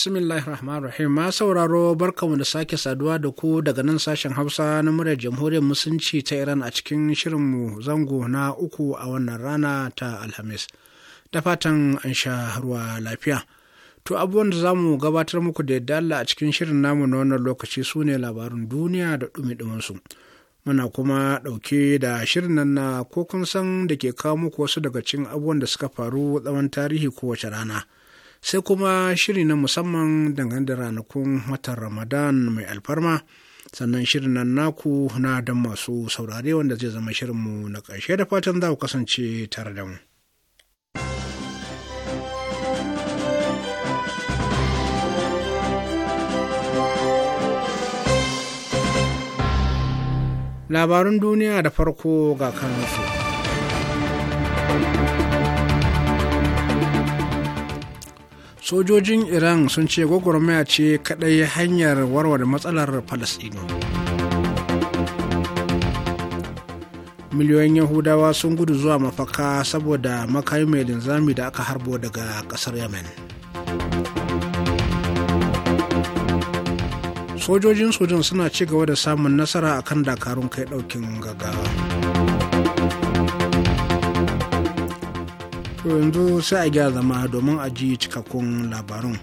bismillahir rahmanir rahim ma sauraro barkamu da sake saduwa da ku daga nan sashen hausa na muryar jamhuriyar musulunci ta iran a cikin shirinmu zango na uku a wannan rana ta alhamis da fatan an sha ruwa lafiya to abubuwan da za mu gabatar muku da yadda allah a cikin shirin namu na wannan lokaci su ne labarin duniya da dumi su muna kuma ɗauke da shirin nan na ko kun san da ke kawo muku wasu daga cikin abubuwan da suka faru tsawon tarihi kowace rana sai kuma shiri na musamman dangane da ranakun watan ramadan mai alfarma sannan shirin nan naku na don masu saurare wanda zai zama shirinmu na ƙarshe da fatan za ku kasance tare da mu. Labarun duniya da farko ga kansu. sojojin iran sun ce gwagwarmaya ce kadai hanyar warware matsalar falasino miliyoyin yahudawa sun gudu zuwa mafaka saboda makami mai linzami da aka harbo daga kasar yemen sojojin sojin suna ci gaba da samun nasara akan dakarun kai daukin gaggawa to yanzu sai a gyara zama domin a ji cikakkun labarun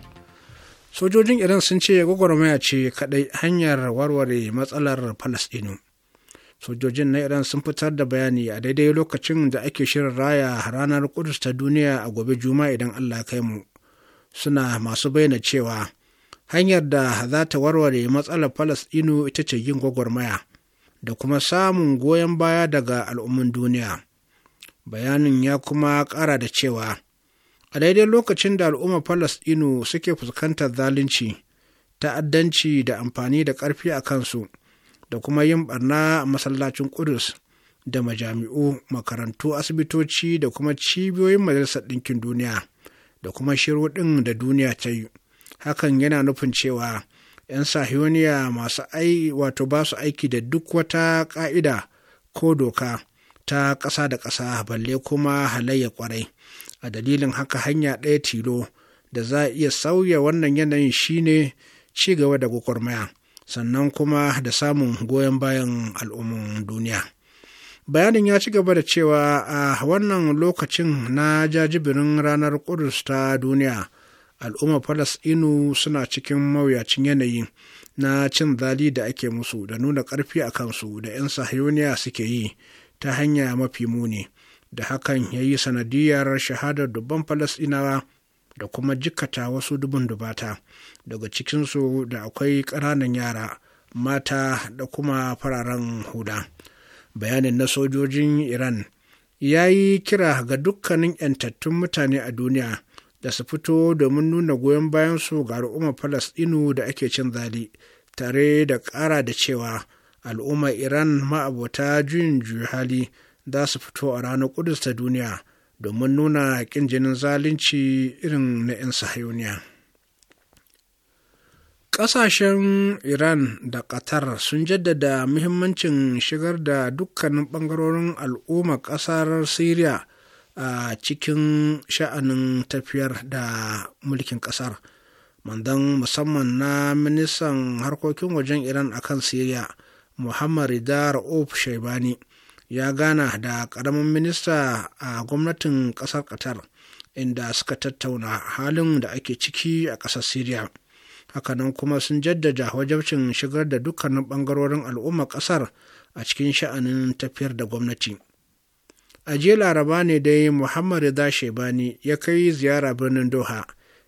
sojojin iran sun ce gwagwarmaya ce kadai hanyar warware matsalar falasɗinu sojojin na iran sun fitar da bayani a daidai lokacin da ake shirin raya ranar kudus ta duniya a gobe juma'a idan allah kai mu suna masu bayyana cewa hanyar da za ta warware matsalar falasɗinu ita ce yin gwagwarmaya da kuma samun goyon baya daga al'umman duniya bayanin ya kuma ƙara da cewa a daidai lokacin da al'ummar Falasɗinu suke fuskantar zalunci ta'addanci da amfani da ƙarfi a kansu da kuma yin barna a masallacin Ƙudus da majami'u makarantu asibitoci da kuma cibiyoyin majalisar ɗinkin duniya da kuma ɗin da duniya ta yi hakan yana nufin cewa 'yan sahiyoniya masu ai wato ba su aiki da duk wata ƙa'ida ko doka ta ƙasa da ƙasa balle kuma halayya kwarai a dalilin haka hanya ɗaya tilo da za a iya sauya wannan yanayin shine ci gaba da gwagwarmaya sannan kuma da samun goyon bayan al'umman duniya bayanin ya ci gaba da cewa a wannan lokacin na jajibirin ranar kudus ta duniya al'ummar falasɗinu suna cikin mawuyacin yanayi na cin zali da ake musu da nuna ƙarfi a kansu da 'yan sahiyoniya suke yi ta hanya mafi muni da hakan ya yi sanadiyar shahadar dubban falasɗinawa da kuma jikata wasu dubun dubata daga cikinsu da akwai ƙananan yara mata da kuma fararen huda bayanin na sojojin iran ya yi kira ga dukkanin 'yantattun mutane a duniya da su fito domin nuna goyon bayansu ga al'ummar falasɗinu da ake cin zali tare da ƙara da cewa al'ummar iran ma'abota juyin hali za su fito a ranar kudus ta duniya domin nuna ƙin jinin zalunci irin na 'yan sahayuniya. ƙasashen iran da qatar sun jaddada muhimmancin shigar da dukkanin ɓangarorin al'ummar ƙasar Siriya a cikin sha'anin tafiyar da mulkin ƙasar mandan musamman na ministan harkokin wajen iran akan syria muhammad rida ra'uf shaibani ya gana da ƙaramin minista a gwamnatin ƙasar qatar inda suka tattauna halin da ake ciki a ƙasar syria hakanan kuma sun jaddada wajabcin shigar da dukkanin ɓangarorin al'umma ƙasar a cikin sha'anin tafiyar da gwamnati a jiya laraba ne dai muhammad rida shebani ya kai ziyara birnin doha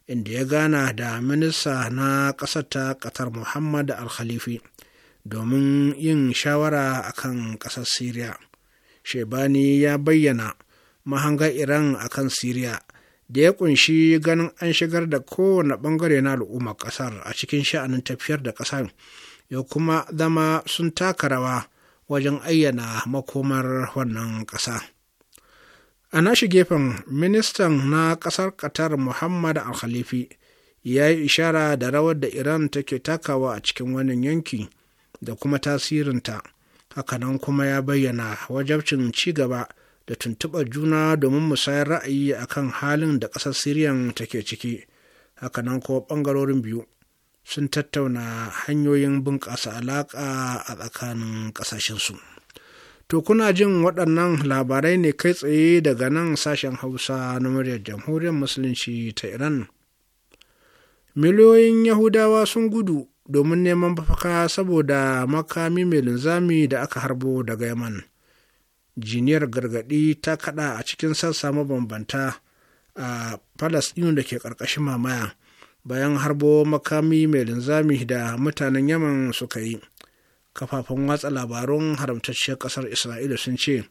inda ya gana da minista na ƙasar ta ƙatar muhammad al-khalifi domin yin shawara a kan ƙasar Siriya. Shebani ya bayyana mahanga Iran a kan Siriya da ya kunshi ganin an shigar da kowane ɓangare na al'umma ƙasar a cikin sha'anin tafiyar da ƙasar ya kuma zama sun taka rawa wajen ayyana makomar wannan ƙasa. A nashi gefen ministan na ƙasar Qatar Muhammad Al-Khalifi ya yi ishara da rawar da Iran take takawa a cikin wannan yanki da kuma tasirinta hakanan kuma ya bayyana wajabcin ci gaba da tuntuɓar juna domin musayar ra'ayi a kan halin da ƙasar siriyan take ciki hakanan kuma ɓangarorin biyu sun tattauna hanyoyin bunƙasa alaƙa a tsakanin ƙasashensu to kuna jin waɗannan labarai ne kai tsaye daga nan sashen hausa na muryar jamhuriyar musulunci ta iran miliyoyin yahudawa sun gudu domin neman mafaka saboda makami mai linzami da aka harbo daga yaman jiniyar gargadi ta kada a cikin sassa mabambanta a palestine da ke karkashin mamaya bayan harbo makami mai linzami da mutanen yaman suka yi kafafen watsa labarun haramtacciyar kasar isra'ila sun ce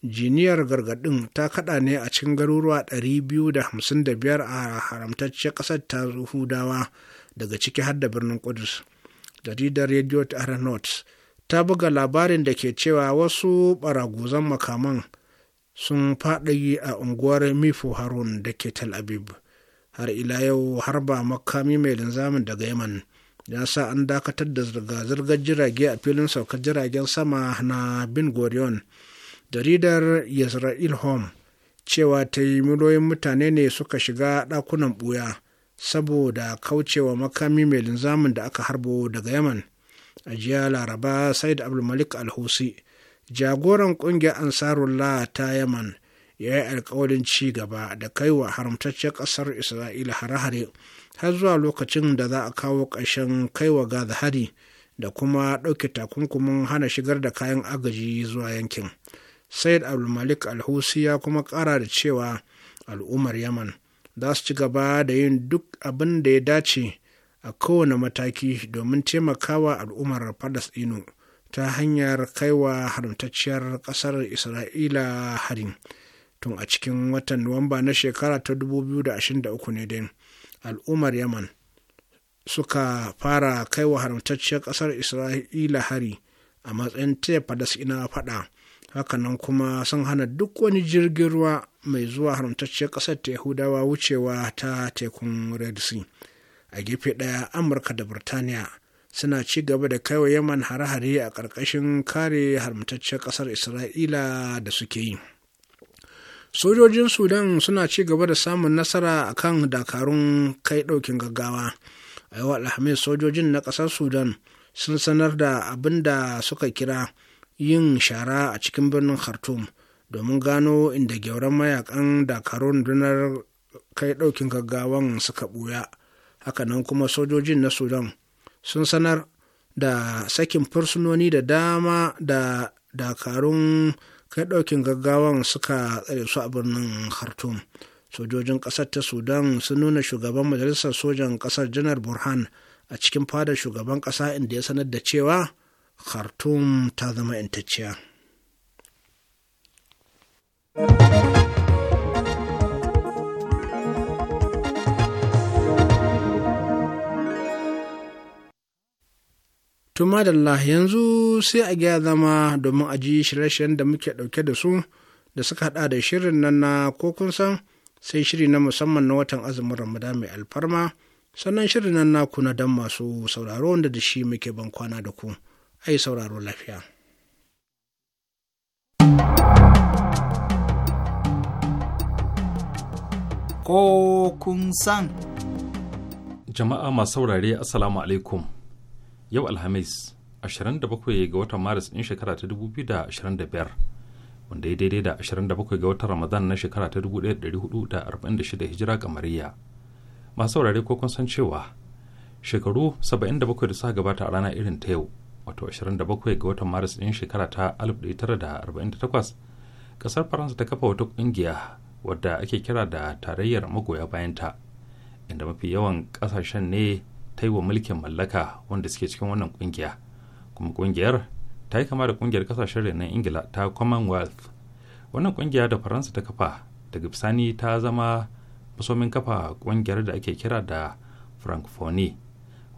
jiniyar gargadin ta kada ne a cikin garuruwa 255 a haramtacciyar kasar ta hudawa daga ciki har da birnin Kudus. Jaridar Radio Notes ta buga labarin da ke cewa wasu baraguzan makaman sun faɗi a unguwar Mifo Harun da ke Tel Aviv. Har ila yau har ba makami mai linzamin daga Yaman ya sa an dakatar da zirga-zirgar jirage a filin saukar jiragen sama na Bin Gurion. Jaridar Yisrael Home cewa ta yi miliyoyin mutane ne suka shiga ɗakunan ɓuya saboda kaucewa makami mai linzamin da aka harbo daga yaman a jiya laraba said abdulmalik alhusi jagoran kungiyar ansarullah ta yaman ya yi alkawalin ci gaba da wa haramtaccen kasar isra'ila hare-hare har zuwa lokacin da za a kawo ƙarshen kaiwa gaza hari da kuma ɗauke takunkumin hana shigar da kayan agaji zuwa yankin said abdulmalik alhusi ya kuma ƙara da cewa al'ummar yaman za su ci gaba da yin duk abin da ya dace a kowane mataki domin taimakawa al'ummar Falasɗinu ta hanyar kaiwa haramtacciyar kasar Isra'ila harin. Tun a cikin watan Nuwamba na shekara ta 2023 ne dai al'ummar Yaman suka fara kaiwa haramtacciyar kasar Isra'ila hari a matsayin taya Falasɗinawa faɗa. hakanan kuma sun hana duk wani jirgin ruwa mai zuwa haramtacciyar ƙasar ta yahudawa wucewa ta tekun red sea a gefe ɗaya amurka da birtaniya suna ci gaba da kaiwa yaman hare-hare a ƙarƙashin kare haramtacciyar ƙasar isra'ila da suke yi sojojin sudan suna ci gaba da samun nasara a kan dakarun kai ɗaukin gaggawa a yau alhamis sojojin na ƙasar sudan sun sanar da abin da suka kira yin shara a cikin birnin khartoum domin gano inda gyauran mayakan dakarun dunar kai ɗaukin gaggawan suka ɓuya hakanan kuma sojojin na sudan sun sanar da sakin fursunoni da dama da dakarun kai ɗaukin gaggawan suka tsare su a birnin khartoum sojojin ƙasar ta sudan sun nuna shugaban majalisar sojan ƙasar janar burhan a cikin fadar shugaban ƙasa inda ya sanar da cewa khartoum ta zama intacciya Tuma da yanzu sai a gaya zama domin a ji shirye-shiryen da muke ɗauke da su da suka haɗa da shirin nan na ko kun san sai shiri na musamman na watan azumin ramadan mai alfarma sannan shirin nan na na dan masu sauraro wanda da shi muke ban kwana da ku. a yi sauraro lafiya. Ko kun san. Jama'a masu saurare Assalamu alaikum. Yau Alhamis, 27 ga watan Maris ɗin shekara ta 2025, wanda ya daidai da 27 ga watan Ramadan na shekara ta 1446 hijira kamariya. Masu saurare ko kun san cewa shekaru 77 da suka gabata a rana irin ta yau, wato 27 ga watan maris ɗin shekara ta 1948 ƙasar faransa ta kafa wata ƙungiya wadda ake kira da tarayyar magoya bayanta inda mafi yawan ƙasashen ne ta yi wa mulkin mallaka wanda suke cikin wannan ƙungiya kuma ƙungiyar ta yi kama da ƙungiyar ƙasashen renon ingila ta commonwealth wannan ƙungiya da faransa ta kafa daga bisani ta zama masomin kafa ƙungiyar da ake kira da francophonie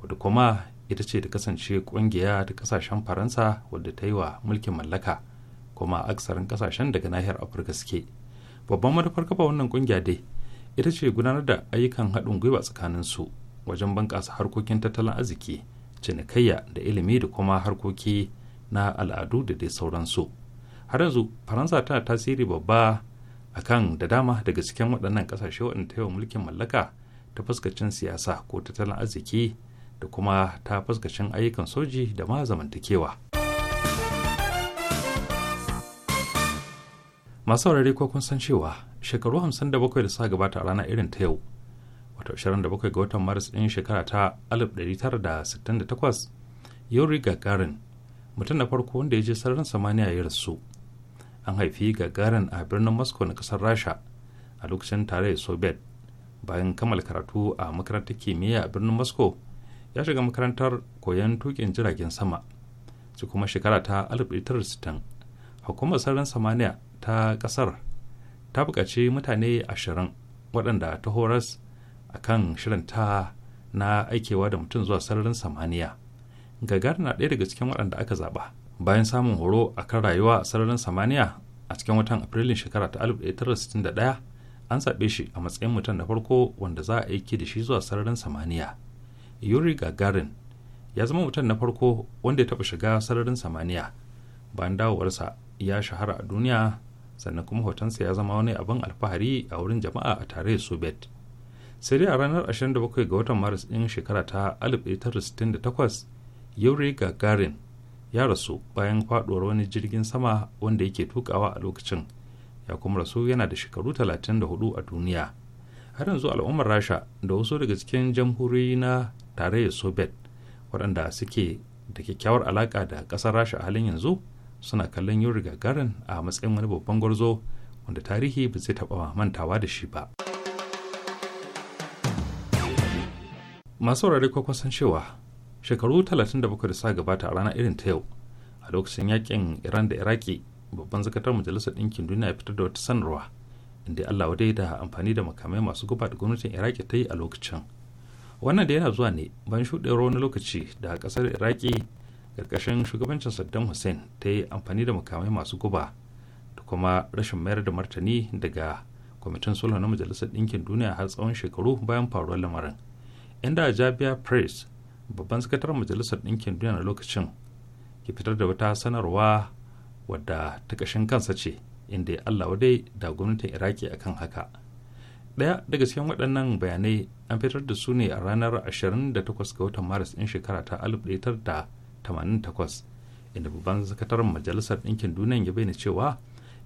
wadda kuma ita ce ta kasance kungiya ta kasashen faransa wadda ta yi wa mulkin mallaka kuma aksarin kasashen daga nahiyar afirka suke babban manufar kafa wannan kungiya dai ita ce gudanar da ayyukan haɗin gwiwa tsakanin su wajen bunƙasa harkokin tattalin arziki cinikayya da ilimi da kuma harkoki na al'adu da dai sauransu har yanzu faransa tana tasiri babba a kan da dama daga cikin waɗannan ƙasashe waɗanda ta yi wa mulkin mallaka ta fuskacin siyasa ko tattalin arziki da kuma ta fuskacin ayyukan soji da ma zamantakewa. masu saurare ko kun san cewa shekaru 57 da suka gabata a rana irin ta yau wato 27 ga watan maris ɗin shekara ta 1968 yuri gagarin mutum na farko wanda ya je sararin samaniya ya rasu an haifi gagarin a birnin moscow na kasar rasha a lokacin tarayyar soviet bayan kammala karatu a makarantar kimiyya a birnin moscow ya shiga makarantar koyon tukin jiragen sama su kuma shekara ta 1960 hukumar sararin samaniya ta kasar ta buƙaci mutane ashirin waɗanda ta horas a kan ta na aikewa da mutum zuwa sararin samaniya gagar na ɗaya daga cikin waɗanda aka zaɓa bayan samun horo a kan rayuwa a sararin samaniya a cikin watan afrilun shekara ta 1961 an zaɓe shi a matsayin mutum na farko wanda za a aiki da shi zuwa sararin samaniya yuri gagarin ya zama mutum na farko wanda ya taɓa shiga sararin samaniya bayan dawowarsa ya shahara a duniya sannan kuma hotonsa ya zama wani abin alfahari a wurin jama'a a tare soviet sai dai a ranar 27 ga watan maris ɗin shekara ta 1968 yuri gagarin ya rasu bayan faɗuwar wani jirgin sama wanda yake tukawa a lokacin ya kuma rasu yana da shekaru 34 a duniya har yanzu al'ummar rasha da wasu daga cikin jamhuri na tarayyar soviet waɗanda suke da kyakkyawar alaƙa da ƙasar rasha a halin yanzu suna kallon yin gagarin a matsayin wani babban gwarzo wanda tarihi ba zai taɓa mantawa da shi ba masu wurare kwakwa san cewa shekaru talatin da da sa gabata a rana irin ta yau a lokacin yakin iran da iraki babban zakatar majalisar ɗinkin duniya ya fitar da wata sanarwa inda allah wadai da amfani da makamai masu guba da gwamnatin iraki ta yi a lokacin wannan da yana zuwa ne ban shuɗewar wani lokaci da ƙasar iraki ƙarƙashin shugabancin saddam hussein ta yi amfani da makamai masu guba da kuma rashin mayar da martani daga kwamitin sulhu na majalisar ɗinkin duniya har tsawon shekaru bayan faruwar lamarin inda jabiya press babban sakataren majalisar ɗinkin duniya na lokacin ke fitar da wata sanarwa wadda ta ƙashin kansa ce inda ya allawa dai da gwamnatin iraki akan haka daya daga cikin waɗannan bayanai an fitar da su ne a ranar 28 ga watan maris ɗin shekara ta 1988 inda babban sakataren majalisar ɗinkin duniya ya bayyana cewa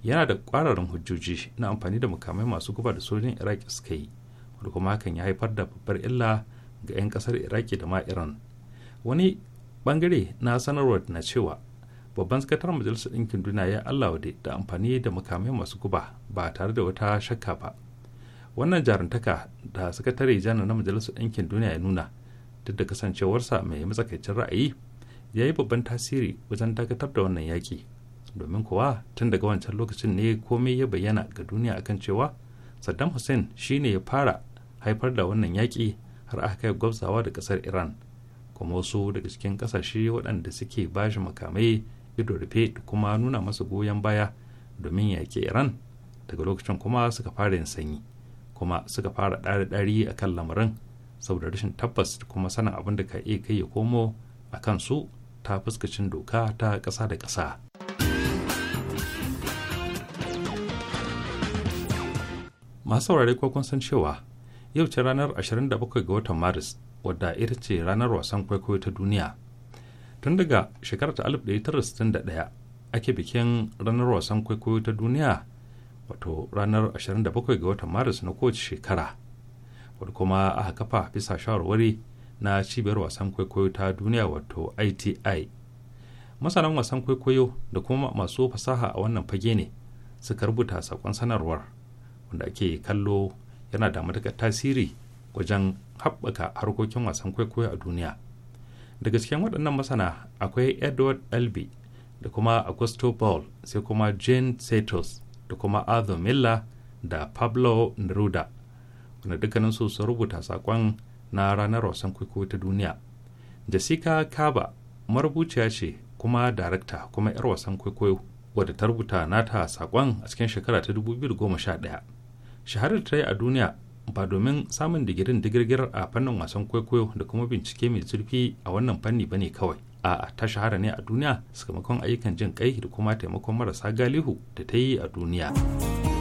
yana da ƙwararrun hujjoji na amfani da mukamai masu guba da sojin iraki suka yi wani kuma hakan ya haifar da babbar illa ga 'yan ƙasar iraki da ma iran wani bangare na sanarwa na cewa babban sakataren majalisar ɗinkin duniya ya allawa da amfani da mukamai masu guba ba tare da wata shakka ba wannan jarantaka da sakatare janar na majalisar ɗinkin duniya ya nuna duk da kasancewarsa mai matsakaicin ra'ayi ya yi babban tasiri wajen dakatar da wannan yaƙi domin kuwa tun daga wancan lokacin ne komai ya bayyana ga duniya akan cewa saddam hussein shine ya fara haifar da wannan yaƙi har aka kai gwabzawa da ƙasar iran kuma wasu daga cikin ƙasashe waɗanda suke bashi makamai ido rufe da kuma nuna masa goyon baya domin yaƙi iran daga lokacin kuma suka fara yin sanyi kuma suka fara ɗari-ɗari a kan lamarin saboda rashin tabbas kuma sanin abin da ka iya kai ya komo a kan su ta fuskacin doka ta ƙasa da ƙasa. Masu saurari ko kun san cewa yau ce ranar 27 ga watan Maris wadda ita ce ranar wasan kwaikwayo ta duniya. Tun daga shekarar 1961 ake bikin ranar wasan kwaikwayo ta duniya wato ranar 27 ga watan maris na kowace shekara wadda kuma aka kafa bisa shawarwari na cibiyar wasan kwaikwayo ta duniya wato iti masanan wasan kwaikwayo da kuma masu fasaha a wannan fage ne suka rubuta sakon sanarwar wanda ake kallo yana da matuƙar tasiri wajen haɓaka harkokin wasan kwaikwayo a duniya daga cikin waɗannan masana akwai edward albi da kuma augusto ball sai kuma jane setos da kuma arthur miller da pablo neruda wanda su sun rubuta saƙon na ranar wasan kwaikwayo ta duniya jessica kaba marubuciya ce kuma darakta kuma 'yar wasan kwaikwayo wadda ta rubuta nata saƙon a cikin shekara ta 2011 shaharar ta yi a duniya ba domin samun digirin digirgir a fannin wasan kwaikwayo da kuma bincike mai zurfi a wannan fanni ba ne kawai a ta shahara ne a duniya sakamakon ayyukan jin kai da kuma taimakon marasa galihu da ta yi a duniya.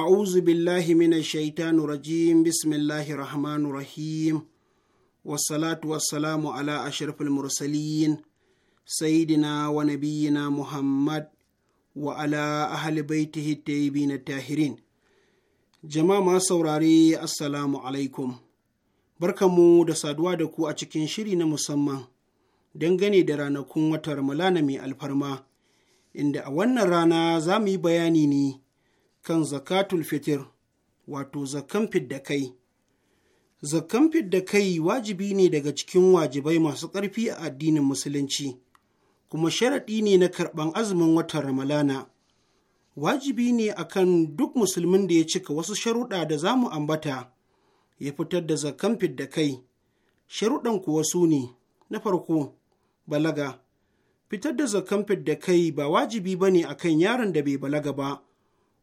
a'uzu billahi mina shaitanu rajim bismillahi rahmanu rahim wasalatu wasalamu ala ashirfil mursalin sayidina wa nabiyina muhammad wa ala ahli baitihi tayyibin tahirin jama'a ma saurare assalamu alaikum barkamu da saduwa da ku a cikin shiri na musamman dangane da ranakun watan ramalana mai alfarma inda a wannan rana za mu yi bayani ne kan zakatul fitir wato zakan fidda kai zakan fidda kai wajibi ne daga cikin wajibai masu ƙarfi a addinin musulunci kuma sharaɗi ne na karɓan azumin watan ramalana wajibi ne akan duk musulmin da ya cika wasu sharuɗa da za mu ambata ya fitar da zakan fidda kai sharuɗan kuwa su ne na farko balaga fitar da zakan fidda kai ba wajibi ba ne akan yaron da bai balaga ba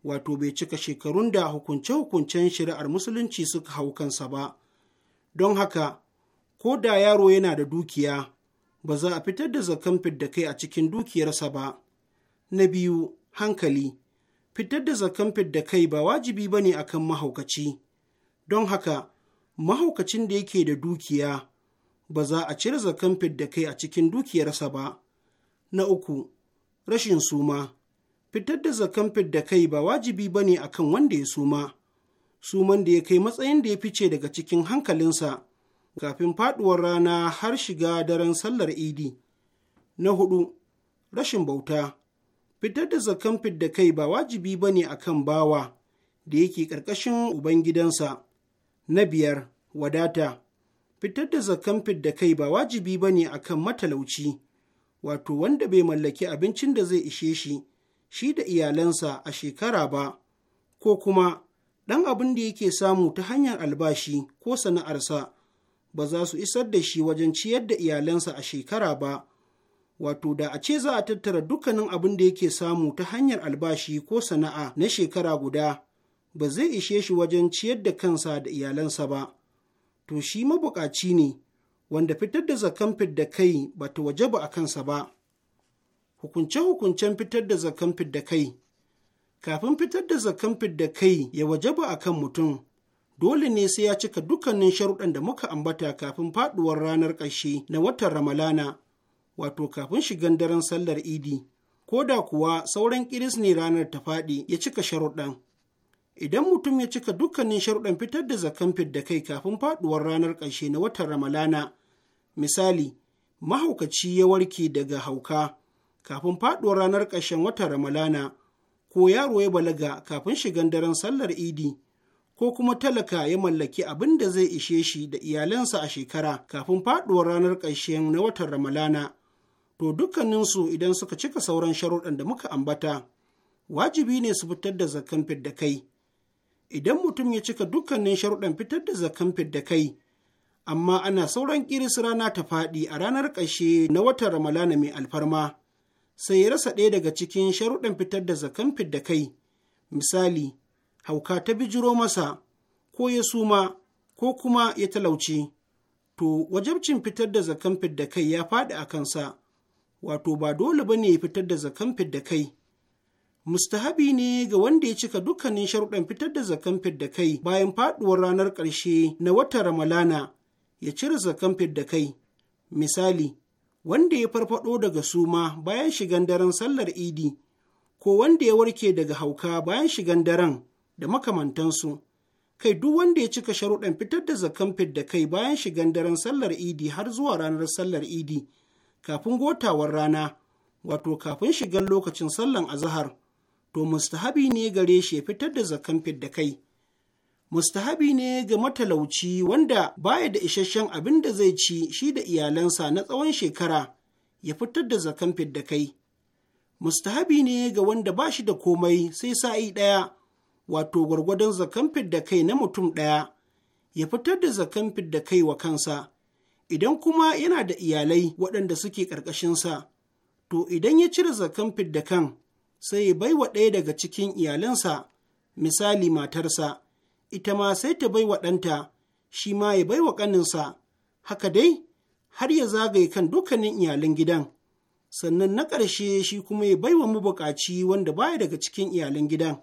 wato bai cika shekarun da hukunce-hukuncen shari'ar musulunci suka hau kansa ba don haka ko da yaro yana da dukiya ba za a fitar da zakan fidda kai a cikin dukiyarsa ba na biyu hankali fitar da zakan fidda kai ba wajibi ba ne akan mahaukaci don haka mahaukacin da yake da dukiya ba za a cire zakan fidda kai a cikin dukiyarsa ba na uku rashin suma fitar da zakan da kai ba wajibi ba ne a kan wanda ya suma, suman da ya kai matsayin da ya fice daga cikin hankalinsa kafin faɗuwar rana har shiga daren sallar idi. Na hudu, rashin bauta, fitar da zakan da kai ba wajibi ba ne a kan bawa da yake ƙarƙashin Ubangidansa. Na biyar, wadata, fitar da zakan da kai ba wajibi ba ne a kan matalauci, wato wanda bai mallaki abincin da zai ishe shi. shi da iyalansa a shekara ba, ko kuma ɗan abin da yake samu ta hanyar albashi ko sana'arsa ba za su isar da shi wajen ciyar da iyalansa a shekara ba, wato da a ce za a tattara dukkanin abin da yake samu ta hanyar albashi ko sana'a na shekara guda, ba zai ishe shi wajen ciyar da kansa da iyalansa ba. To shi mabukaci ne, wanda fitar da zakan da kai ba ta waje ba a kansa ba. hukunce-hukuncen fitar da zakan da kai kafin fitar da zakan da kai ya wajaba a kan mutum dole ne sai ya cika dukkanin sharuɗan da muka ambata kafin faɗuwar ranar ƙarshe na watan ramalana wato kafin shigan daren sallar idi ko da kuwa sauran kiris ne ranar ta faɗi ya cika sharuɗan idan mutum ya cika dukkanin sharuɗan fitar da zakan da kai kafin faɗuwar ranar ƙarshe na watan ramalana misali mahaukaci ya warke daga hauka kafin faɗuwar ranar ƙarshen watan Ramalana, ko yaro ya balaga kafin shigan daren sallar Idi, ko kuma talaka ya mallaki abin da zai ishe shi da iyalansa a shekara kafin faɗuwar ranar ƙarshen na watan Ramalana, to dukkaninsu idan suka cika sauran sharuɗan da muka ambata, wajibi ne su fitar da zakan fidda kai. Idan mutum ya cika dukkanin sharuɗan fitar da zakan fidda kai, amma ana sauran ƙirisu rana ta faɗi a ranar ƙarshe na watan Ramalana mai alfarma. sai ya rasa ɗaya daga cikin sharuɗan fitar da zakan fidda kai misali hauka ta bijiro masa ko ya suma ko kuma ya talauce to wajabcin fitar da zakan fidda kai ya faɗi a kansa wato ba dole ba ne ya fitar da zakan fidda kai mustahabi ne ga wanda ya cika dukkanin sharuɗan fitar da zakan fidda kai bayan faɗuwar ranar ƙarshe na watan ramalana ya cire zakan fidda kai misali wanda ya farfado daga suma bayan shigan daren sallar idi ko wanda ya warke daga hauka bayan shigan daren da makamantansu kai duk wanda ya cika sharuɗan fitar da zakan da kai bayan shigan daren sallar idi har zuwa ranar sallar idi kafin gotawar rana wato kafin shigan lokacin sallan azahar to mustahabi ne gare shi ya fitar da zakan da kai mustahabi ne ga matalauci wanda baya da isasshen abin da zai ci shi da iyalansa na tsawon shekara ya fitar da zakan da kai mustahabi ne ga wanda ba shi da komai sai sa'i ɗaya wato gwargwadon zakan da kai na mutum ɗaya ya fitar da zakan da kai wa kansa idan kuma yana da iyalai waɗanda suke ƙarƙashinsa to idan ya cire zakan da kan sai ya bai wa ɗaya daga cikin iyalansa misali matarsa ita ma sai ta bai wa ɗanta, shi ma ya bai wa ƙaninsa, haka dai har ya zagaye kan dukkanin iyalan gidan. Sannan na ƙarshe shi kuma ya bai wa mabuƙaci wanda baya daga cikin iyalan gidan.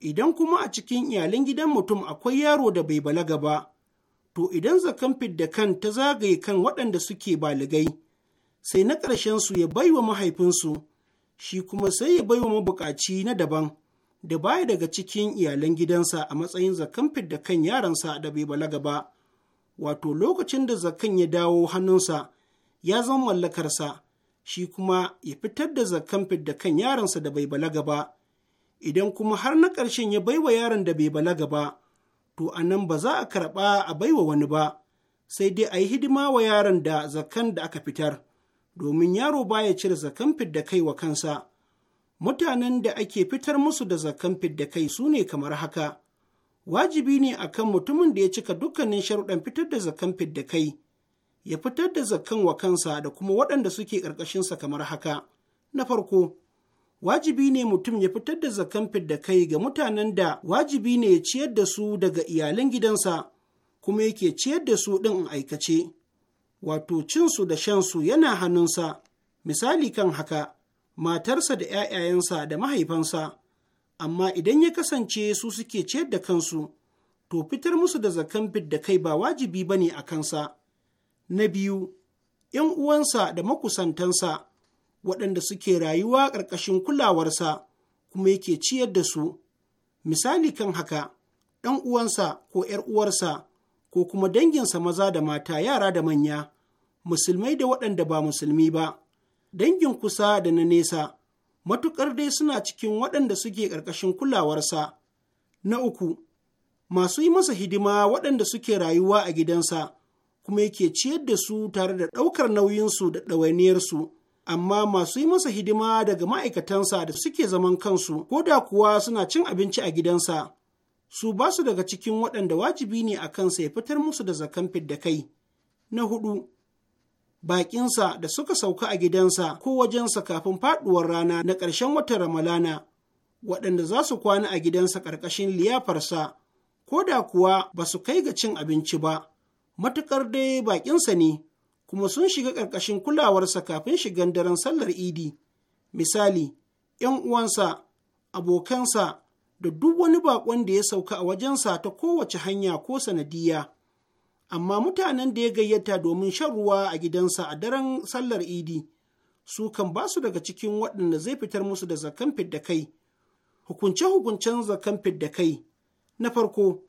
Idan kuma a cikin iyalan gidan mutum akwai yaro da bai balaga ba, to idan zakan fidda kan ta zagaye kan waɗanda suke baligai, sai na ƙarshen su ya bai wa mahaifinsu, shi kuma sai ya bai wa mabuƙaci na daban. da baya daga cikin iyalan gidansa a matsayin zakan da kan yaransa da bai balaga ba, wato lokacin da zakan ya dawo hannunsa ya zama mallakarsa, shi kuma ya fitar da zakan da kan yaransa da bai balaga ba, idan kuma har na ƙarshen ya baiwa yaron da bai balaga ba, to a nan ba za a karɓa a baiwa wani ba, sai dai a yi hidima wa yaron da zakan da aka fitar, domin yaro baya cire zakan da kai wa kansa. mutanen da ake fitar musu da zakan fidda kai su ne kamar haka wajibi ne a kan mutumin da ya cika dukkanin sharuɗan fitar da zakan fidda kai ya fitar da zakan wa kansa da kuma waɗanda suke ƙarƙashinsa kamar haka na farko wajibi ne mutum ya fitar da zakan fidda kai ga mutanen da wajibi ne ya ciyar da su daga iyalan gidansa kuma yake ciyar da su ɗin in aikace wato cinsu da shansu yana hannunsa misali kan haka matarsa da ‘ya'yayensa da mahaifansa, amma idan ya kasance su suke ciyar da kansu, to fitar musu da zakan da kai ba wajibi ba ne a kansa. Na biyu, ‘yan uwansa da makusantansa waɗanda suke rayuwa ƙarƙashin kulawarsa kuma yake ciyar da su, misali kan haka, ɗan uwansa ko ‘yar uwarsa ko kuma danginsa maza da mata yara da manya, musulmai da waɗanda ba musulmi ba. dangin kusa da na nesa, matuƙar dai suna cikin waɗanda suke ƙarƙashin kulawarsa. Na uku, masu yi masa hidima waɗanda suke rayuwa a gidansa, kuma yake ciyar da su tare da ɗaukar nauyinsu da ɗawainiyarsu. Amma masu yi masa hidima daga ma'aikatansa da suke zaman kansu, ko da kuwa suna cin abinci a gidansa, su ba su daga cikin waɗanda wajibi ne a kansa ya fitar musu da zakan fidda kai. Na hudu, baƙinsa da suka sauka a gidansa ko wajensa kafin faɗuwar rana na ƙarshen watan Ramalana, waɗanda za su kwana a gidansa ƙarƙashin liyafarsa, ko da kuwa ba su kai ga cin abinci ba, matuƙar dai baƙinsa ne, kuma sun shiga ƙarƙashin kulawarsa kafin shigan daren sallar Idi. Misali, ‘yan uwansa, abokansa, da duk wani baƙon da ya sauka a wajensa ta kowace hanya ko sanadiyya. amma mutanen da ya gayyata domin shan ruwa a gidansa a daren sallar idi su kan ba su daga cikin waɗanda zai fitar musu da zakan fidda kai hukunce-hukuncen zakan fidda kai na farko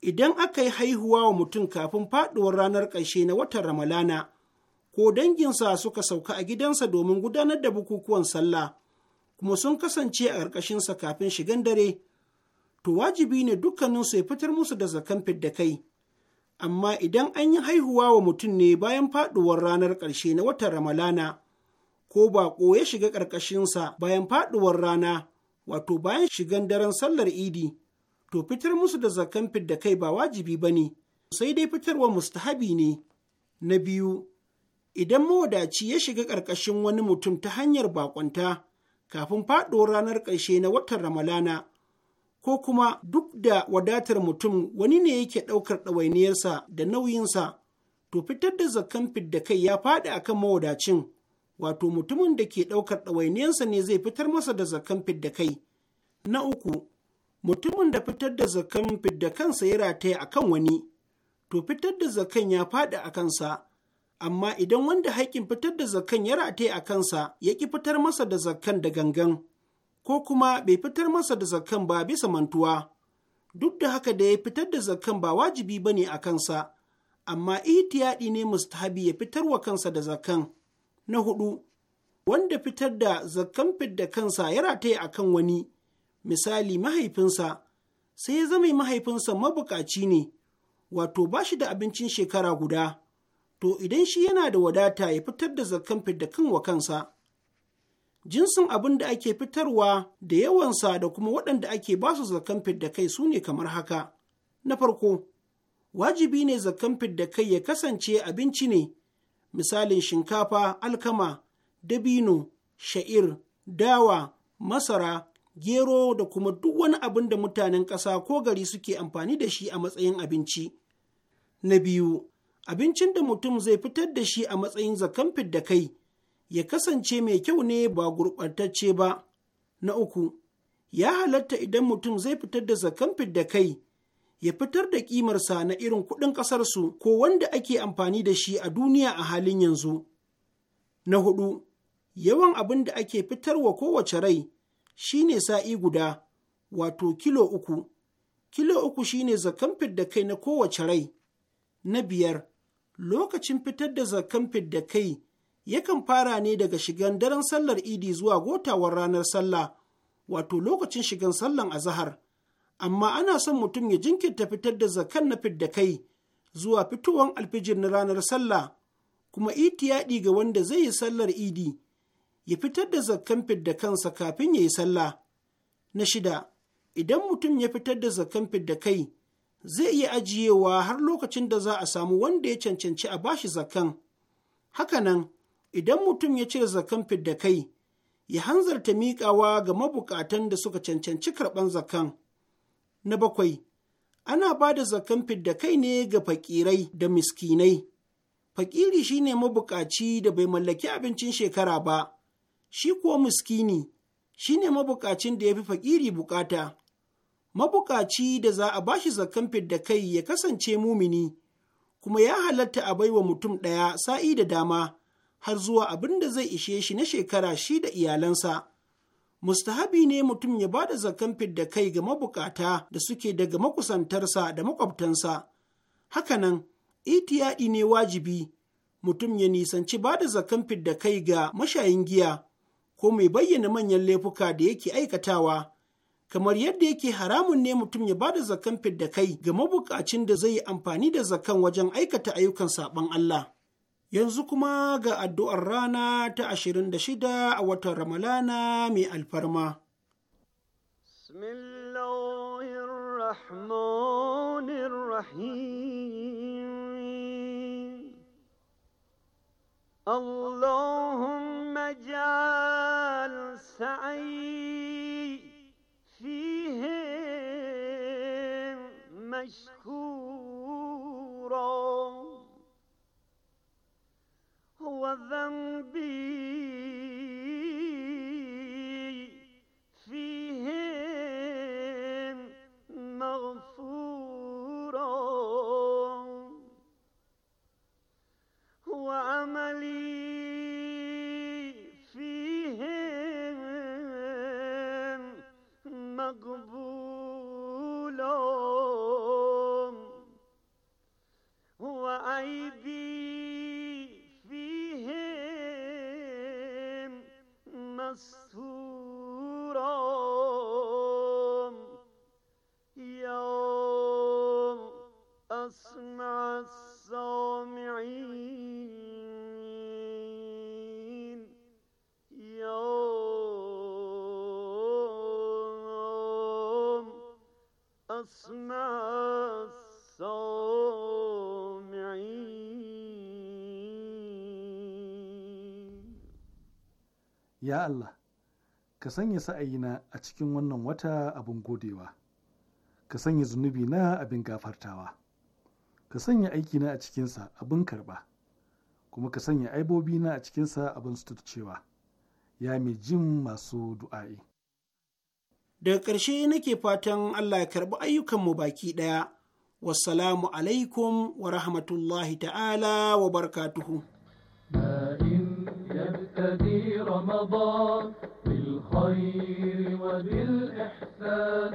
idan aka yi haihuwa wa mutum kafin faɗuwar ranar ƙarshe na watan ramalana ko danginsa suka sauka a gidansa domin gudanar da bukukuwan sallah kuma sun kasance a ƙarƙashinsa kafin shigan dare to wajibi ne dukkaninsu ya fitar musu da zakan fidda kai amma idan an yi haihuwa wa mutum ne bayan faɗuwar ranar ƙarshe na watan Ramalana, ko baƙo ya shiga ƙarƙashinsa bayan faɗuwar rana, wato bayan shigan daren sallar idi, to fitar musu da zakan fidda kai ba wajibi ba ne, sai dai fitarwa mustahabi ne. Na biyu, idan mawadaci ya shiga ƙarƙashin wani mutum ta hanyar baƙonta, kafin faɗuwar ranar ƙarshe na watan Ramalana, ko kuma duk da wadatar mutum wani ne yake ɗaukar ɗawainiyarsa da nauyinsa, to fitar da zakan fidda kai ya faɗi akan mawadacin, wato mutumin da ke ɗaukar ɗawainiyarsa ne zai fitar masa da zakan fidda kai. Na uku, mutumin da fitar da zakan fidda kansa ya rataya akan wani, to fitar da zakan ya faɗi a kansa. amma idan wanda haƙƙin fitar da zakan ya rataye a kansa ya ƙi fitar masa da zakan da gangan ko kuma bai fitar masa da zakkan ba bisa mantuwa duk da haka da ya fitar da zakkan ba wajibi ba ne a kansa amma ihtiyaɗi ne mustahabi ya fitar wa kansa da zakkan na hudu wanda fitar da zakkan fidda kansa ya rataye a kan wani misali mahaifinsa sai ya zama mahaifinsa mabukaci ne wato ba shi da abincin shekara guda to idan shi yana da wadata ya fitar da zakkan fidda kan wa kansa jinsin abin da ake fitarwa da yawansa da kuma waɗanda ake ba su zakan fidda kai su ne kamar haka na farko wajibi ne zakan fidda kai ya kasance abinci ne misalin shinkafa alkama dabino sha'ir dawa masara gero da kuma duk wani abin da mutanen ƙasa ko gari suke amfani da shi a matsayin abinci na biyu abincin da mutum zai fitar da shi a matsayin zakan fidda kai ya kasance mai kyau ne ba gurɓatacce ba. Na uku, ya halatta idan mutum zai fitar da zakan da kai, ya fitar da ƙimarsa na irin kuɗin ƙasarsu ko wanda ake amfani da shi a duniya a halin yanzu. Na hudu, yawan abin da ake fitar wa kowace rai shi ne sa'i guda, wato kilo uku. Kilo uku shi ne zakan da kai na kowace rai. Na biyar, lokacin fitar da zakan da kai yakan fara ne daga shigan daren sallar idi zuwa gotawar ranar sallah wato lokacin shigan sallan azahar amma ana son mutum ya jinkirta fitar da zakan na fidda kai zuwa fitowan alfijir na ranar sallah kuma itiyaɗi ga wanda zai yi sallar idi ya fitar da zakkan fidda kansa kafin ya yi sallah na shida idan mutum ya fitar da zakkan fidda kai zai iya ajiyewa har lokacin da za a samu wanda ya cancanci a bashi zakkan hakanan idan mutum ya cire zakan fidda kai ya hanzarta miƙawa ga mabuƙatan da suka cancanci karɓan zakan. Na bakwai, ana ba da zakan fidda kai ne ga faƙirai da miskinai. Fakiri ne mabukaci da bai mallaki abincin shekara ba, shi kuwa miskini ne mabukacin da ya fi fakiri bukata. Mabukaci da za a bashi zakan fidda kai ya kasance mumini, kuma ya halatta a baiwa mutum ɗaya sa'i da dama. har zuwa abin da zai ishe shi na shekara shi da iyalansa. Mustahabi ne mutum ya ba da zakan fidda kai ga mabukata da suke daga makusantarsa da makwabtansa. Hakanan, itiyaɗi ne wajibi, mutum ya nisanci ba da zakan fidda kai ga mashayin giya ko mai bayyana manyan laifuka da yake aikatawa. Kamar yadda yake haramun ne mutum ya ba da zakan fidda kai ga mabukacin da zai yi amfani da zakan wajen aikata ayyukan saɓon Allah. Yanzu kuma ga addu'ar rana ta 26 a watan Ramalana mai alfarma. اللهم اجعل سعي فيهم مشكورا هو ذنبي فيهم مغفورا فيهم مقبول الناس Ya Allah, ka sanya sa'ayina a cikin wannan wata abin godewa, ka sanya zunubi na abin gafartawa, ka sanya aikina a cikinsa abin karɓa, kuma ka sanya aibobina a cikinsa abin suturcewa, ya mai jin masu du'a'i. Daga ƙarshe nake fatan Allah ya karɓi ayyukanmu baki ɗaya. Wassalamu alaikum wa rahmatullahi ta'ala wa barkatuhu. شهر رمضان بالخير وبالإحسان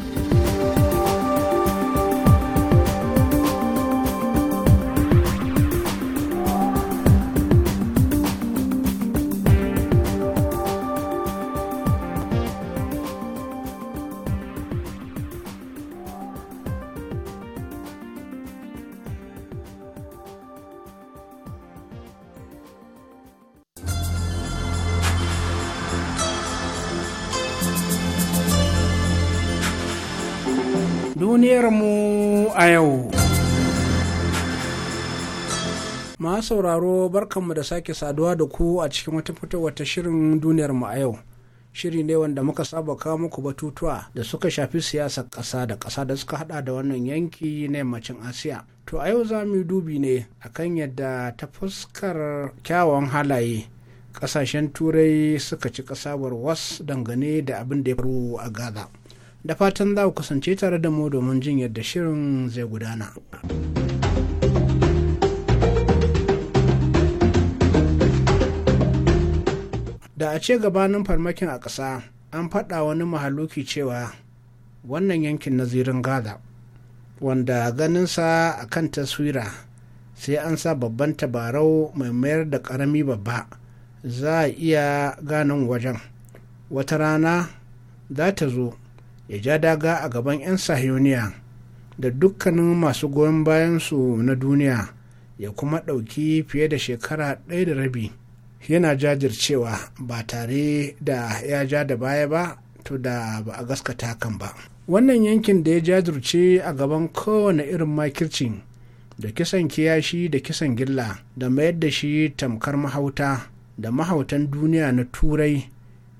sauraro barkanmu da sake saduwa da ku a cikin wata fitowar ta shirin duniyar mu a yau. Shiri ne wanda muka saba kawo muku batutuwa da suka shafi siyasar ƙasa da ƙasa da suka hada da wannan yanki na yammacin Asiya. To a yau za mu yi dubi ne akan yadda ta fuskar kyawawan halaye ƙasashen turai suka ci ƙasawar was dangane da abin da ya faru a Gaza. Da fatan za ku kasance tare da mu domin jin yadda shirin zai gudana. da a ce gabanin farmakin a ƙasa an faɗa wani mahaluki cewa wannan yankin na zirin gaza wanda ganinsa a kan taswira sai an sa babban tabarau mai mayar da ƙarami babba za a iya ganin wajen wata rana za ta zo ya ja daga a gaban 'yan sahiyoniya da dukkanin masu goyon bayansu na duniya ya kuma ɗauki fiye da shekara ɗaya da rabi yana jajircewa ba tare da ya ja da baya ba to da ba a gaskata kan ba wannan yankin da ya jajirce a gaban kowane irin makircin da kisan kiyashi da kisan gilla da mayar da shi tamkar mahauta da mahautan duniya na turai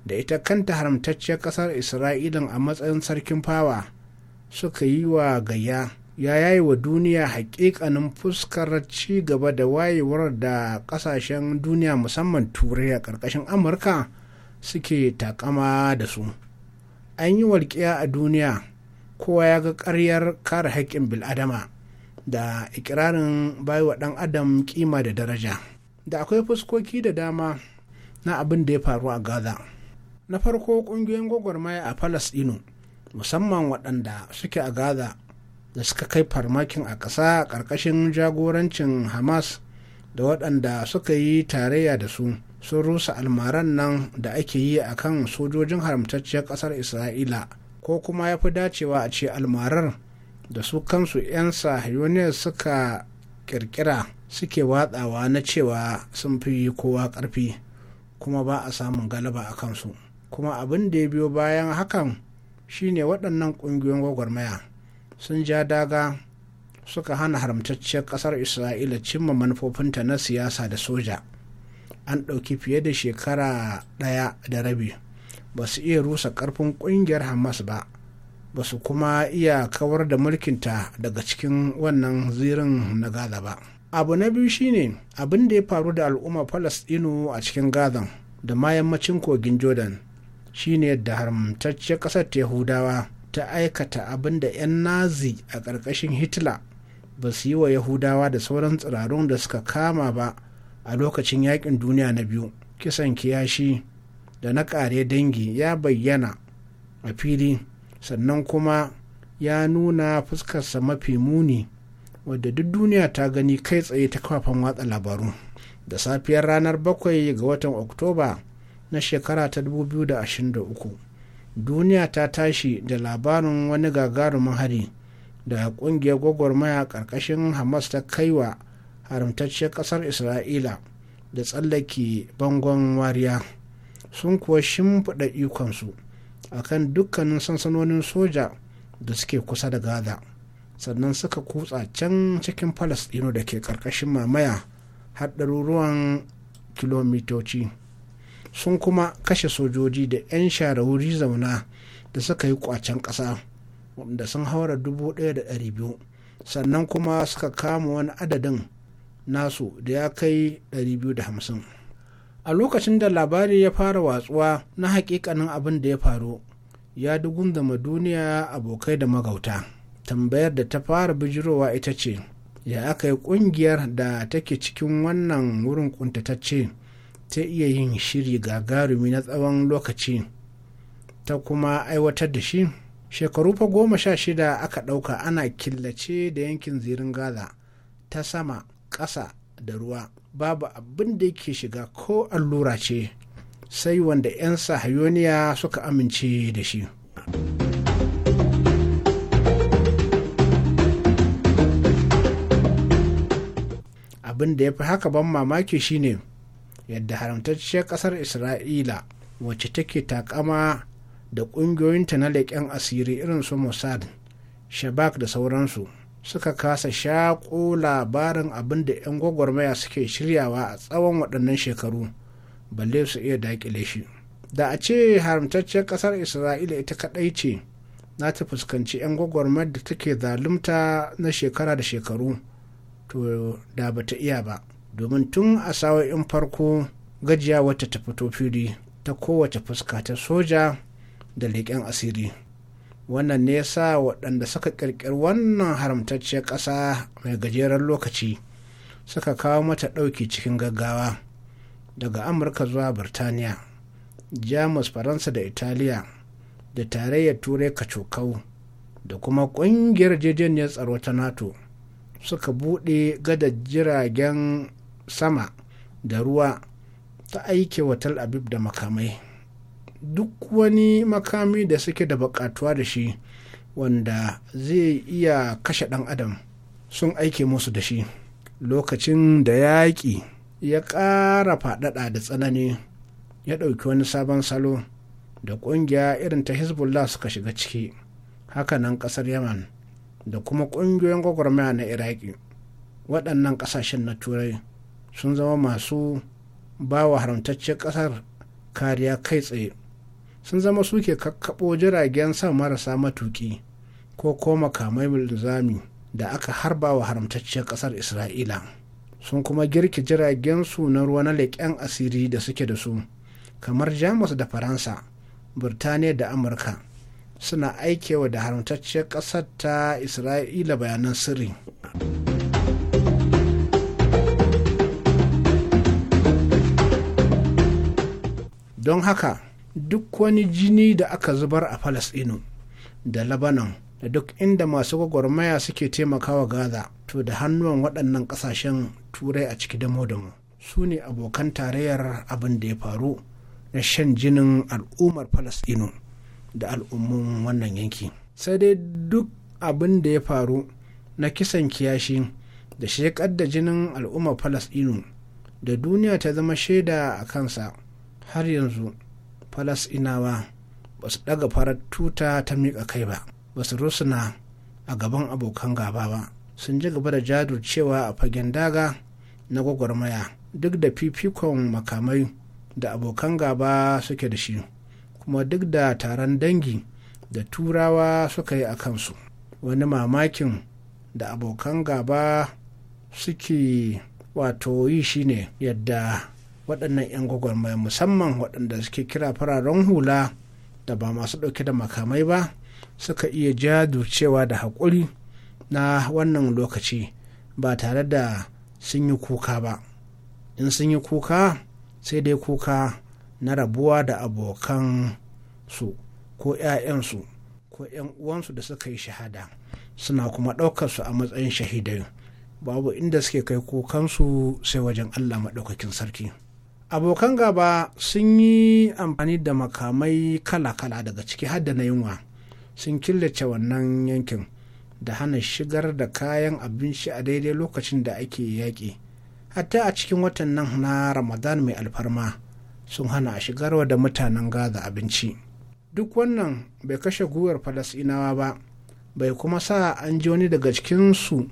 da ita kanta haramtacciyar kasar isra'ilan a matsayin sarkin fawa suka yi wa gayya ya yayi wa duniya hakikanin fuskar ci gaba da wayewar da kasashen duniya musamman turai a ƙarƙashin amurka suke takama da su an yi walƙiya a duniya kowa ya ga ƙaryar kare haƙƙin bil'adama da ikirarin baiwa ɗan adam kima da daraja da akwai fuskoki da dama na abin da ya faru a gaza na farko ƙungiyoyin gwagwarmaya a falasɗinu musamman waɗanda suke a gaza da suka kai farmakin a ƙasa ƙarƙashin jagorancin hamas da waɗanda suka yi tarayya da su sun rusa almaran nan da ake yi a kan sojojin haramtacciyar ƙasar isra'ila ko kuma ya fi dacewa a ce almarar da su kansu 'yan sahiyoniyar suka ƙirƙira suke watsawa na cewa sun fi kowa ƙarfi kuma ba a samun galaba a kansu kuma abin da ya biyo bayan hakan shine waɗannan ƙungiyoyin gwagwarmaya sun ja daga suka hana haramtacciyar ƙasar isra'ila cimma manufofinta na siyasa da soja an ɗauki fiye da shekara ɗaya da rabi ba su iya rusa ƙarfin ƙungiyar hamas ba ba su kuma iya kawar da mulkinta daga cikin wannan zirin na gaza ba abu na biyu shine abin da ya faru da al'ummar Falasɗinu a cikin Gaza, da ma yammacin kogin jordan shine yadda haramtacciyar ƙasar yahudawa ta aikata abin da 'yan nazi a ƙarƙashin hitler ba su yi wa yahudawa da sauran tsirarun da suka kama ba a lokacin yakin duniya na biyu kisan kiyashi da na ƙare dangi ya bayyana a fili sannan kuma ya nuna fuskarsa mafi muni wadda duk duniya ta gani kai tsaye ta kafafen watsa labaru da safiyar ranar bakwai ga watan oktoba na shekara ta 2023 duniya ta tashi da labarin wani gagarumin hari da kungiyar gwagwarmaya karkashin hamas ta kaiwa haramtacciyar kasar isra'ila da tsallake bangon wariya sun kuwa shimfiɗa ikonsu a kan dukkanin sansanonin soja da suke kusa da gaza sannan suka kutsa can cikin palestino da ke ƙarƙashin mamaya har ɗaruruwan kilomitoci sun kuma kashe sojoji da 'yan share wuri zauna da suka yi kwacen ƙasa da sun haura dubu ɗaya da biyu sannan kuma suka kama wani adadin nasu da ya kai biyu da hamsin. a lokacin da labari ya fara watsuwa na hakikanin abin da ya faru ya dugunzama duniya abokai da magauta tambayar da ta fara bijirowa ita ce ya aka yi kungiyar da take cikin wannan wurin kuntatacce ta iya yin shiri gagarumi na tsawon lokaci ta kuma aiwatar da shi shekaru fa goma sha shida aka ɗauka ana killace da yankin zirin gaza ta sama ƙasa da ruwa babu abin da yake shiga ko allura ce sai wanda 'yan sahayoniya suka amince da shi abin da ya fi haka ban mamaki shine yadda haramtacciyar kasar isra'ila wacce take takama da ƙungiyoyinta na leƙen asiri irin su mossad shabak da sauransu suka kasa shaƙo labarin abin da 'yan gwagwarmaya suke shiryawa a tsawon waɗannan shekaru balle su iya daƙile shi da a ce haramtacciyar ƙasar isra'ila ita kaɗai ce na ta fuskanci 'yan gwagwarmar da take zalunta na shekara da shekaru to da bata iya ba domin tun a in farko gajiya wata ta fito fili ta kowace fuska ta soja da leƙen asiri wannan ne sa waɗanda suka ƙirƙiri wannan haramtacciyar ƙasa mai gajeren lokaci suka kawo mata ɗauki cikin gaggawa daga amurka zuwa birtaniya jamus faransa da italiya da tarayyar turai kacokau da kuma ƙungiyar jejeniyar tsaro ta nato suka buɗe gada jiragen sama da ruwa ta aike wa Tal Abib da makamai. Duk wani makami da suke da buƙatuwa da shi wanda zai iya kashe ɗan adam sun aike musu da shi. Lokacin da yaƙi ya ƙara faɗaɗa da tsanani ya ɗauki wani sabon salo da ƙungiya irin ta Hezbollah suka shiga ciki. Hakanan ƙasar Yaman da kuma ƙungiyoyin gwagwarmaya na Iraki waɗannan ƙasashen na Turai. sun zama masu ba wa haramtaccen ƙasar kariya kai tsaye sun zama suke kakkaɓo jiragen sa marasa matuƙi ko koma makamai milzami da aka harba wa haramtacciyar ƙasar isra'ila sun kuma girki jiragen su na ruwa na leƙen asiri da suke da su kamar jamus da faransa birtaniya da amurka suna aikewa da haramtacciyar ƙasar ta isra'ila bayanan sirri. don haka duk wani jini da aka zubar a falasɗinu da labanan da duk inda masu gwagwarmaya suke taimakawa gaza to da hannuwan waɗannan ƙasashen turai a ciki damo mu, su ne abokan tarayyar abin da ya faru na shan jinin al'ummar falasɗinu da al'ummun wannan yanki sai dai duk abin da ya faru na kisan kiyashi da shekar da jinin al'ummar falasɗinu da duniya ta zama shaida a kansa har yanzu falasinawa ba su daga farar tuta ta miƙa kai ba ba su rusuna a gaban abokan gaba ba sun ji gaba da jadurcewa a fagen daga na gwagwarmaya duk da fifikon makamai da abokan gaba suke da shi kuma duk da taron dangi da turawa suka yi a kansu wani mamakin da abokan gaba suke wato yi shine yadda waɗannan 'yan gwagwarmaya musamman waɗanda suke kira fararen hula da ba masu ɗauke da makamai ba suka iya ja-du-cewa da haƙuri na wannan lokaci ba tare da sun yi kuka ba in sun yi kuka sai dai kuka na rabuwa da abokan su ko 'ya'yansu ko 'yan uwansu da suka yi shahada suna kuma ɗaukar su a matsayin shahidai babu inda suke kai kukansu sai wajen allah maɗaukakin sarki abokan gaba sun yi amfani da makamai kala-kala daga ciki har da na yunwa sun killace wannan yankin da hana shigar da kayan abinci a daidai lokacin da ake yaƙi hatta a cikin watan nan na ramadan mai alfarma sun hana a shigarwa da mutanen gaza abinci duk wannan bai kashe gwiwar falasinawa ba bai kuma sa an ji wani daga cikinsu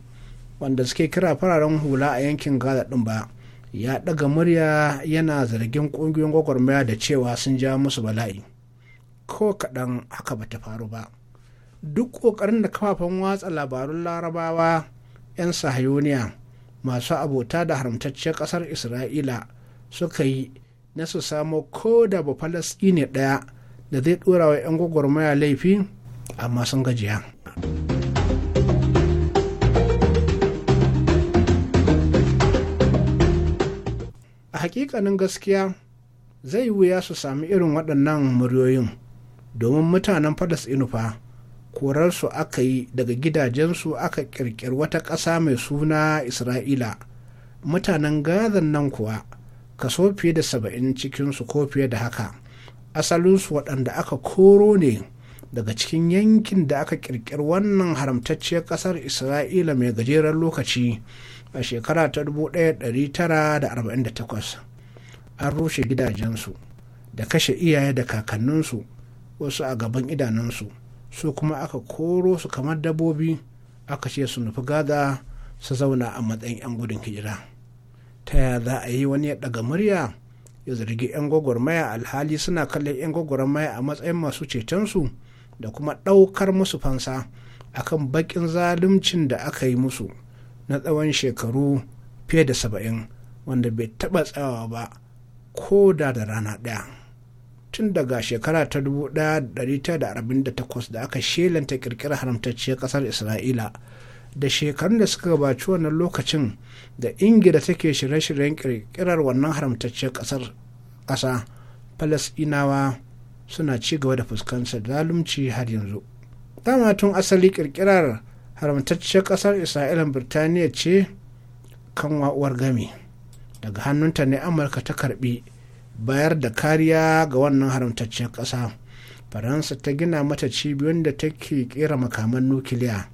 wanda suke kira fararen hula a yankin gaza ɗin ba ya ɗaga murya yana zargin kungiyoyin gwagwarmaya da cewa sun ja musu bala'i ko kaɗan haka bata faru ba duk ƙoƙarin da kafafen watsa labarun larabawa 'yan sahayoniya masu abota da haramtacciyar ƙasar isra'ila suka yi na su samo ko da ba ne ɗaya da zai ɗora wa 'yan gwagwarmaya laifi amma sun gajiya. a hakikanin gaskiya zai wuya su sami irin waɗannan muryoyin domin mutanen fadas inufa korarsu aka yi daga gidajensu aka ƙirƙiri wata ƙasa mai suna isra'ila mutanen gazan nan kuwa kaso fiye da saba'in cikinsu ko fiye da haka asalinsu waɗanda aka koro ne daga cikin yankin da aka ƙirƙiri wannan haramtacciyar ƙasar isra'ila mai gajeren lokaci a shekara ta 1948 an rushe gidajensu da kashe iyaye da kakanninsu wasu a gaban idanunsu su kuma aka koro su kamar dabbobi aka ce su nufi gaga su zauna a matsayin 'yan gudun hijira ta ya za a yi wani ya daga murya ya zargi 'yan gwagwarmaya alhali suna kallon 'yan gwagwarmaya a matsayin masu cetonsu da kuma ɗaukar musu fansa akan baƙin zaluncin da aka yi musu na tsawon shekaru fiye da saba'in wanda bai taɓa tsayawa ba ko da da rana ɗaya tun daga shekara ta 1948 da aka shelanta kirkirar haramtacciyar ƙasar isra'ila da shekarun da suka gabaci wannan lokacin da ingila take shirye-shiryen kirkirar wannan haramtacciyar ƙasar ƙasa falasɗinawa suna ci gaba da fuskantar zalunci har yanzu dama tun asali kirkirar haramtacciyar ƙasar isra'ila birtaniya ce kan wa'uwar gami daga hannunta ne amurka ta karbi bayar da kariya ga wannan haramtacciyar ƙasa faransa ta gina mata cibiyoyin da take kera makaman nukiliya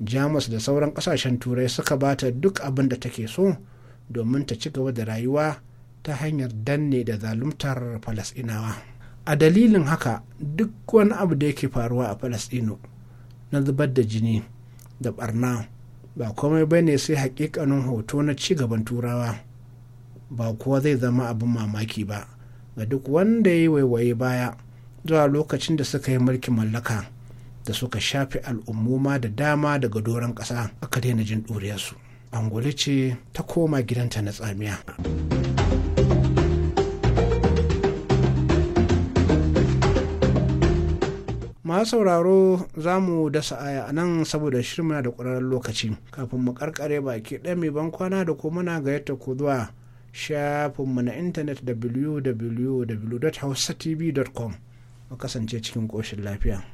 jamus da sauran kasashen turai suka bata duk abin da take so domin ta ci gaba da rayuwa ta hanyar danne da zaluntar falasɗinawa a dalilin haka duk wani abu da yake faruwa a falasino na zubar da jini da barna ba komai ba ne sai hakikanin hoto na ci gaban turawa ba kuwa zai zama abin mamaki ba ga duk wanda ya yi waiwaye baya zuwa lokacin da suka yi mulkin mallaka da suka shafi al'ummuma da dama daga doron ƙasa aka daina jin ɗuriyarsu angole ce ta koma gidanta na tsamiya. masu sauraro za mu dasa aya a nan saboda muna da ƙwararren lokaci kafin mu karkare baki ɗaya mai ban kwana da ko muna gayyata ku zuwa shafinmu na intanet www.hausatv.com mu kasance cikin koshin lafiya.